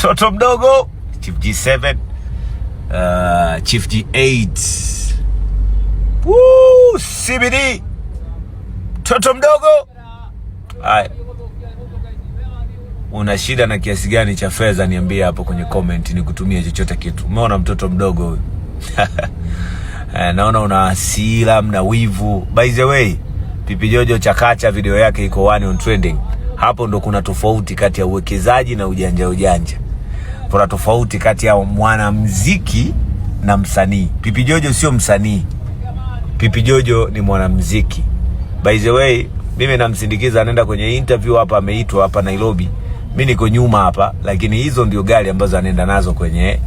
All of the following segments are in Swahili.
mtoto mdogo Chief G7, uh, Chief G8, Woo, CBD mtoto mdogo. Haya, una shida na kiasi gani cha fedha? Niambie hapo kwenye comment, kutumia chochote kitu. Umeona mtoto mdogo huyu? Eh, naona una asila mna wivu. By the way, Pipi Jojo chakacha video yake iko one on trending. Hapo ndo kuna tofauti kati ya uwekezaji na ujanja ujanja kuna tofauti kati ya mwanamziki na msanii. Pipi Jojo sio msanii, Pipi Jojo ni mwanamziki By the way, mimi namsindikiza anaenda kwenye interview hapa, ameitwa hapa Nairobi, mi niko nyuma hapa, lakini hizo ndio gari ambazo anaenda nazo kwenye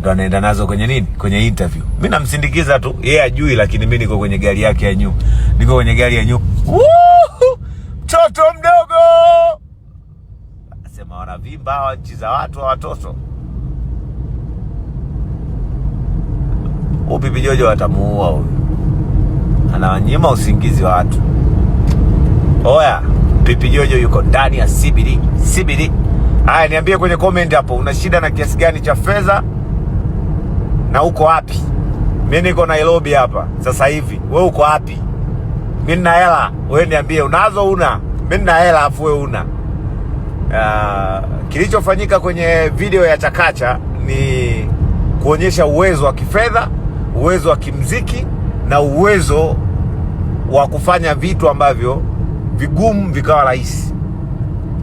ndo anaenda nazo kwenye nini, kwenye interview. Mi namsindikiza tu yeye, yeah, ajui, lakini mi niko kwenye gari yake ya nyuma, niko kwenye gari ya nyuma. Mtoto wanaziimba nchi za watu wa watoto. Huyu Pipi Jojo watamuua huyu, anawanyima usingizi wa watu. Oya, Pipi Jojo yuko ndani ya CBD. CBD. Haya, niambie kwenye comment hapo una shida na kiasi gani cha fedha na uko wapi? Mi niko Nairobi hapa sasa hivi, we uko wapi? Mi nina hela, we niambie unazo, una mi nina hela afu we una Uh, kilichofanyika kwenye video ya Chakacha ni kuonyesha uwezo wa kifedha, uwezo wa kimziki na uwezo wa kufanya vitu ambavyo vigumu vikawa rahisi.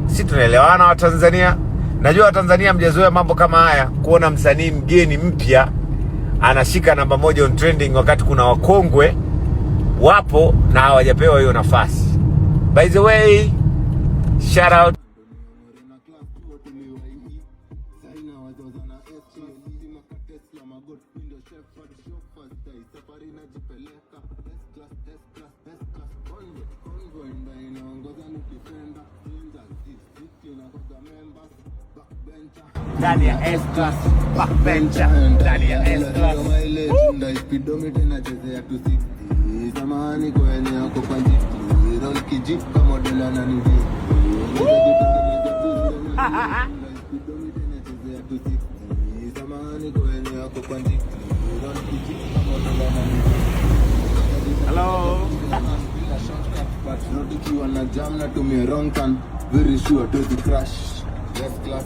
Si tunaelewana Watanzania? Najua Watanzania mjazoea mambo kama haya, kuona msanii mgeni mpya anashika namba moja on trending, wakati kuna wakongwe wapo na hawajapewa hiyo nafasi. By the way, shout out chef for the show first day safari najipeleka S class S class S class Congo Congo nda inaongoza nikipenda Ninja City na kwa members backbencher ndani S class backbencher ndani S class nda speedometer inachezea 260 zamani kwenye yako kwa jiti roll kijip kama dola na Ha ha ha! Zamani kwenye yako kwa jiti No tukiwa na jam na tumia wrong turn, very sure tuzi crash. Yes class.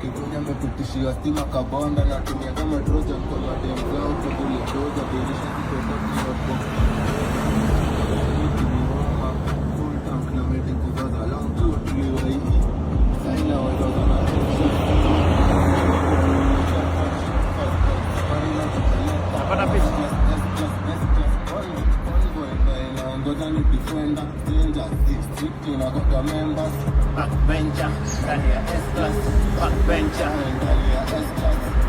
Kikunya ametutishia stima kabonda na tumia kama droja kwa madem zao kugulia doja dirisha kitoto kioko. kwenda danger, tunagonga members backbencher ndani ya S class backbencher ndani ya S class